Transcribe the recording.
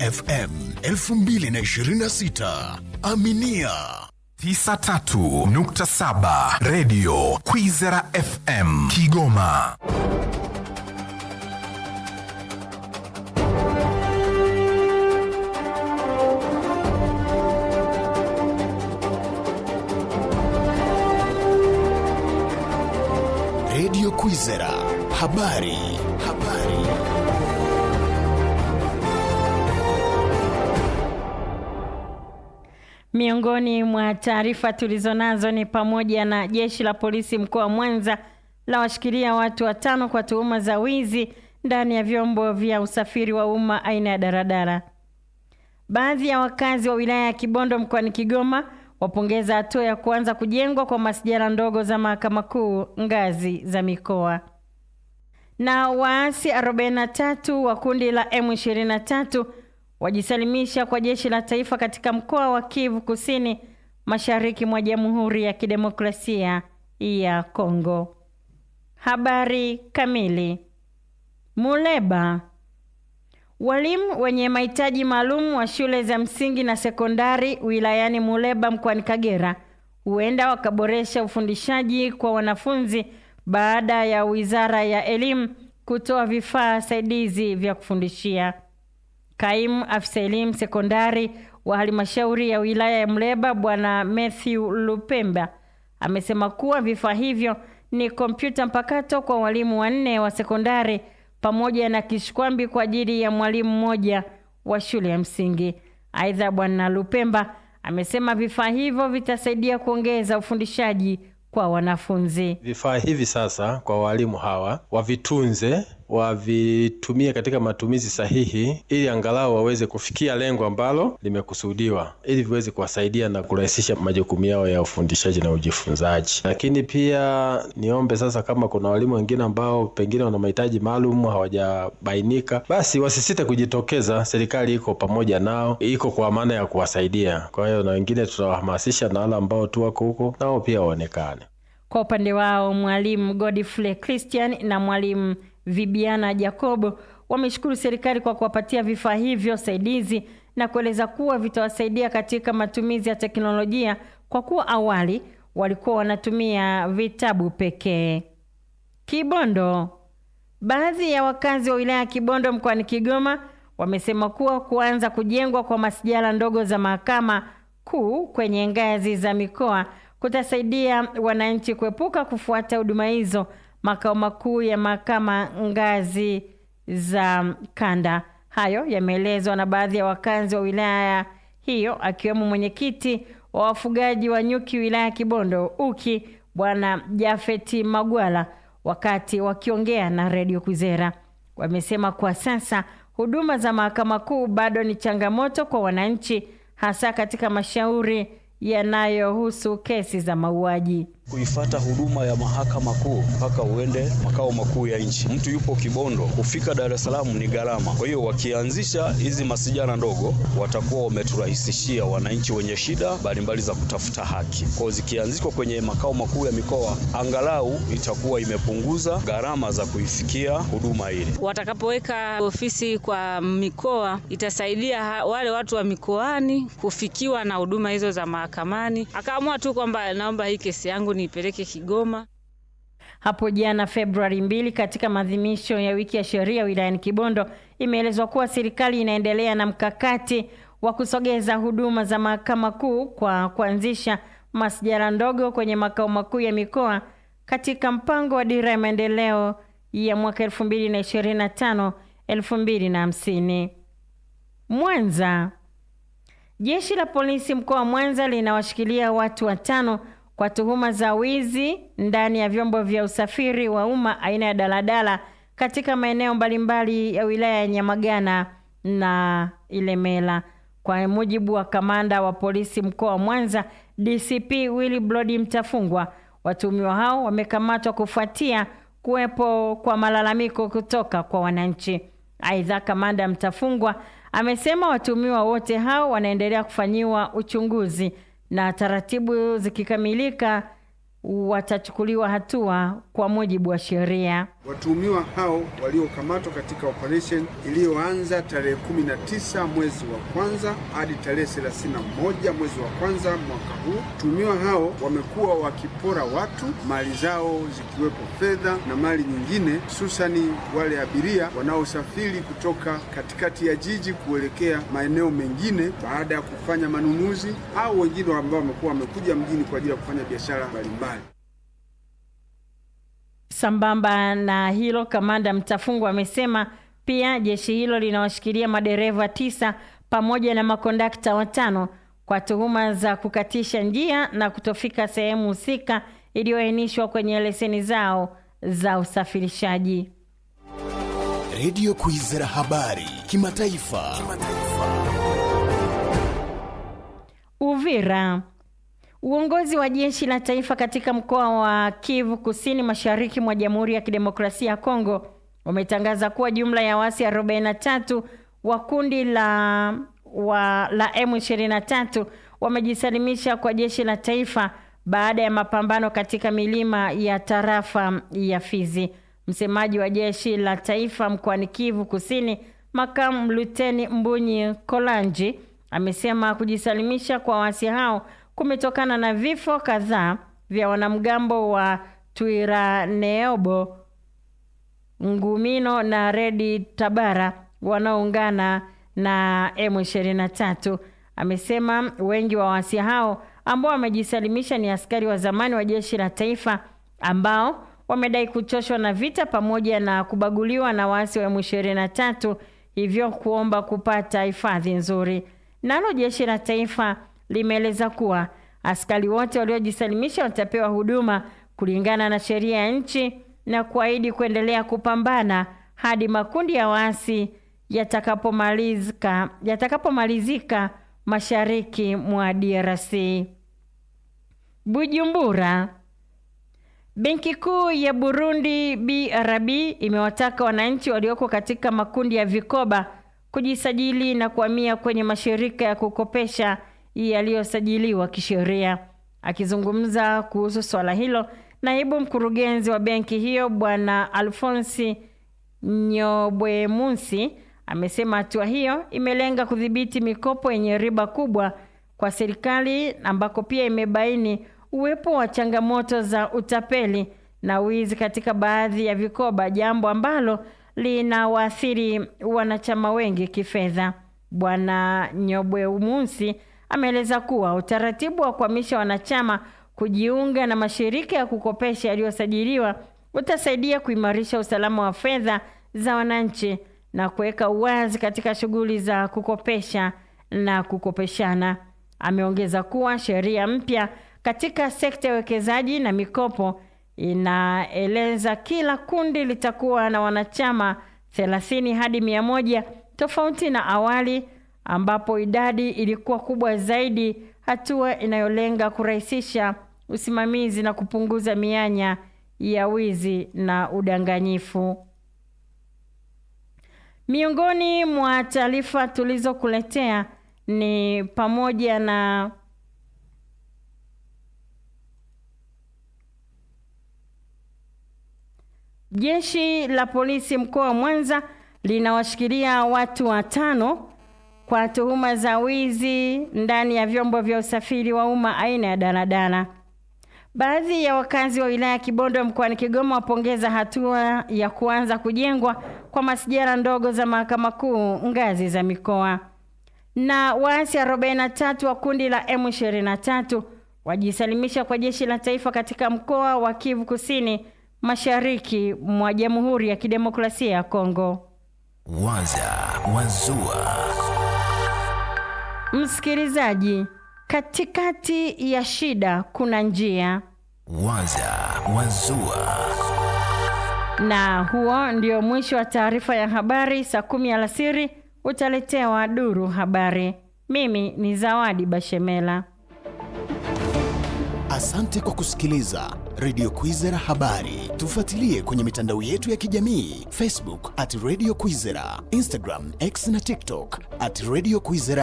FM 2026. Aminia 93.7 Radio Kwizera FM Kigoma. Radio Kwizera habari habari Miongoni mwa taarifa tulizonazo ni pamoja na jeshi la polisi mkoa wa Mwanza la washikilia watu watano kwa tuhuma za wizi ndani ya vyombo vya usafiri wa umma aina ya daradara. Baadhi ya wakazi wa wilaya ya Kibondo mkoani Kigoma wapongeza hatua ya kuanza kujengwa kwa masijara ndogo za mahakama kuu ngazi za mikoa. Na waasi 43 wa kundi la M23 wajisalimisha kwa jeshi la taifa katika mkoa wa Kivu Kusini mashariki mwa Jamhuri ya Kidemokrasia ya Kongo. Habari kamili. Muleba. Walimu wenye mahitaji maalum wa shule za msingi na sekondari wilayani Muleba mkoani Kagera huenda wakaboresha ufundishaji kwa wanafunzi baada ya Wizara ya Elimu kutoa vifaa saidizi vya kufundishia. Kaimu afisa elimu sekondari wa halmashauri ya wilaya ya Muleba Bwana Matthew Lupemba amesema kuwa vifaa hivyo ni kompyuta mpakato kwa walimu wanne wa sekondari pamoja na kishkwambi kwa ajili ya mwalimu mmoja wa shule ya msingi. Aidha, Bwana Lupemba amesema vifaa hivyo vitasaidia kuongeza ufundishaji kwa wanafunzi. Vifaa hivi sasa kwa walimu hawa wavitunze wavitumie katika matumizi sahihi, ili angalau waweze kufikia lengo ambalo limekusudiwa, ili viweze kuwasaidia na kurahisisha majukumu yao ya ufundishaji na ujifunzaji. Lakini pia niombe sasa, kama kuna walimu wengine ambao pengine wana mahitaji maalum hawajabainika, basi wasisite kujitokeza. Serikali iko pamoja nao, iko kwa maana ya kuwasaidia. Kwa hiyo na wengine tutawahamasisha, na wale ambao tu wako huko nao pia waonekane. Kwa upande wao, mwalimu Godfrey Christian na mwalimu Vibiana Jacobo wameshukuru serikali kwa kuwapatia vifaa hivyo saidizi na kueleza kuwa vitawasaidia katika matumizi ya teknolojia kwa kuwa awali walikuwa wanatumia vitabu pekee. Kibondo. Baadhi ya wakazi wa wilaya ya Kibondo mkoani Kigoma wamesema kuwa kuanza kujengwa kwa masijala ndogo za mahakama kuu kwenye ngazi za mikoa kutasaidia wananchi kuepuka kufuata huduma hizo makao makuu ya mahakama ngazi za kanda. Hayo yameelezwa na baadhi ya wakazi wa wilaya hiyo akiwemo mwenyekiti wa wafugaji wa nyuki wilaya ya Kibondo Uki, Bwana Jafeti Magwala, wakati wakiongea na redio Kwizera. Wamesema kwa sasa huduma za mahakama kuu bado ni changamoto kwa wananchi, hasa katika mashauri yanayohusu kesi za mauaji kuifata huduma ya mahakama kuu mpaka uende makao makuu ya nchi. Mtu yupo Kibondo, kufika Dar es Salaam ni gharama. Kwa hiyo wakianzisha hizi masijana ndogo, watakuwa wameturahisishia wananchi wenye shida mbalimbali za kutafuta haki. Kwa hiyo zikianzishwa kwenye makao makuu ya mikoa, angalau itakuwa imepunguza gharama za kuifikia huduma hili. Watakapoweka ofisi kwa mikoa, itasaidia wale watu wa mikoani kufikiwa na huduma hizo za mahakamani. Akaamua tu kwamba naomba hii kesi yangu yangu niipeleke Kigoma. Hapo jana Februari mbili, katika maadhimisho ya wiki ya sheria wilayani Kibondo, imeelezwa kuwa serikali inaendelea na mkakati wa kusogeza huduma za mahakama kuu kwa kuanzisha masijara ndogo kwenye makao makuu ya mikoa katika mpango wa dira ya maendeleo ya mwaka 2025 2050. Mwanza. Jeshi la polisi mkoa wa Mwanza linawashikilia watu watano kwa tuhuma za wizi ndani ya vyombo vya usafiri wa umma aina ya daladala katika maeneo mbalimbali ya wilaya ya Nyamagana na Ilemela. Kwa mujibu wa kamanda wa polisi mkoa wa Mwanza, DCP Willibrod Mtafungwa, watuhumiwa hao wamekamatwa kufuatia kuwepo kwa malalamiko kutoka kwa wananchi. Aidha, kamanda Mtafungwa amesema watuhumiwa wote hao wanaendelea kufanyiwa uchunguzi na taratibu zikikamilika watachukuliwa hatua kwa mujibu wa sheria. Watuhumiwa hao waliokamatwa katika operesheni iliyoanza tarehe 19 mwezi wa kwanza hadi tarehe 31 mwezi wa kwanza mwaka huu. Watuhumiwa hao wamekuwa wakipora watu mali zao, zikiwepo fedha na mali nyingine, hususani wale abiria wanaosafiri kutoka katikati ya jiji kuelekea maeneo mengine baada ya kufanya manunuzi, au wengine ambao wamekuwa wamekuja mjini kwa ajili ya kufanya biashara mbalimbali. Sambamba na hilo, kamanda Mtafungu amesema pia jeshi hilo linawashikilia madereva tisa pamoja na makondakta watano kwa tuhuma za kukatisha njia na kutofika sehemu husika iliyoainishwa kwenye leseni zao za usafirishaji. Radio Kwizera habari kimataifa, Kima Uvira Uongozi wa jeshi la taifa katika mkoa wa Kivu Kusini Mashariki mwa Jamhuri ya Kidemokrasia ya Kongo umetangaza kuwa jumla ya waasi 43 wa kundi la wa, la M23 wamejisalimisha kwa jeshi la taifa baada ya mapambano katika milima ya tarafa ya Fizi. Msemaji wa jeshi la taifa mkoani Kivu Kusini, makamu luteni Mbunyi Kolanji amesema kujisalimisha kwa waasi hao kumetokana na vifo kadhaa vya wanamgambo wa twiraneobo Ngumino na Redi Tabara wanaoungana na M23. Amesema wengi wa waasi hao ambao wamejisalimisha ni askari wa zamani wa jeshi la taifa ambao wamedai kuchoshwa na vita pamoja na kubaguliwa na waasi wa M23, hivyo kuomba kupata hifadhi nzuri. Nalo jeshi la taifa limeeleza kuwa askari wote waliojisalimisha watapewa huduma kulingana na sheria ya nchi na kuahidi kuendelea kupambana hadi makundi ya waasi yatakapomalizika yatakapomalizika mashariki mwa DRC. Bujumbura. Benki Kuu ya Burundi BRB imewataka wananchi walioko katika makundi ya vikoba kujisajili na kuhamia kwenye mashirika ya kukopesha yaliyosajiliwa kisheria. Akizungumza kuhusu swala hilo, naibu mkurugenzi wa benki hiyo Bwana Alfonsi nyobwemusi amesema hatua hiyo imelenga kudhibiti mikopo yenye riba kubwa kwa serikali ambako pia imebaini uwepo wa changamoto za utapeli na wizi katika baadhi ya vikoba, jambo ambalo linawaathiri wanachama wengi kifedha. Bwana Nyobwemunsi ameeleza kuwa utaratibu wa kuhamisha wanachama kujiunga na mashirika ya kukopesha yaliyosajiliwa utasaidia kuimarisha usalama wa fedha za wananchi na kuweka uwazi katika shughuli za kukopesha na kukopeshana. Ameongeza kuwa sheria mpya katika sekta ya uwekezaji na mikopo inaeleza kila kundi litakuwa na wanachama 30 hadi 100 tofauti na awali ambapo idadi ilikuwa kubwa zaidi, hatua inayolenga kurahisisha usimamizi na kupunguza mianya ya wizi na udanganyifu. Miongoni mwa taarifa tulizokuletea ni pamoja na Jeshi la polisi mkoa wa Mwanza linawashikilia watu watano kwa tuhuma za wizi ndani ya vyombo vya usafiri wa umma aina ya daladala. Baadhi ya wakazi wa wilaya ya Kibondo mkoani Kigoma wapongeza hatua ya kuanza kujengwa kwa masijara ndogo za mahakama kuu ngazi za mikoa. Na waasi 43 wa kundi la M23 wajisalimisha kwa jeshi la taifa katika mkoa wa Kivu Kusini mashariki mwa Jamhuri ya Kidemokrasia ya Kongo. Waza Wazua. Msikilizaji, katikati ya shida kuna njia. Waza Wazua. Na huo ndio mwisho wa taarifa ya habari. Saa kumi alasiri utaletewa duru habari. Mimi ni Zawadi Bashemela. Asante kwa kusikiliza Radio Kwizera Habari. Tufuatilie kwenye mitandao yetu ya kijamii Facebook at Radio Kwizera, Instagram, X na TikTok at Radio Kwizera.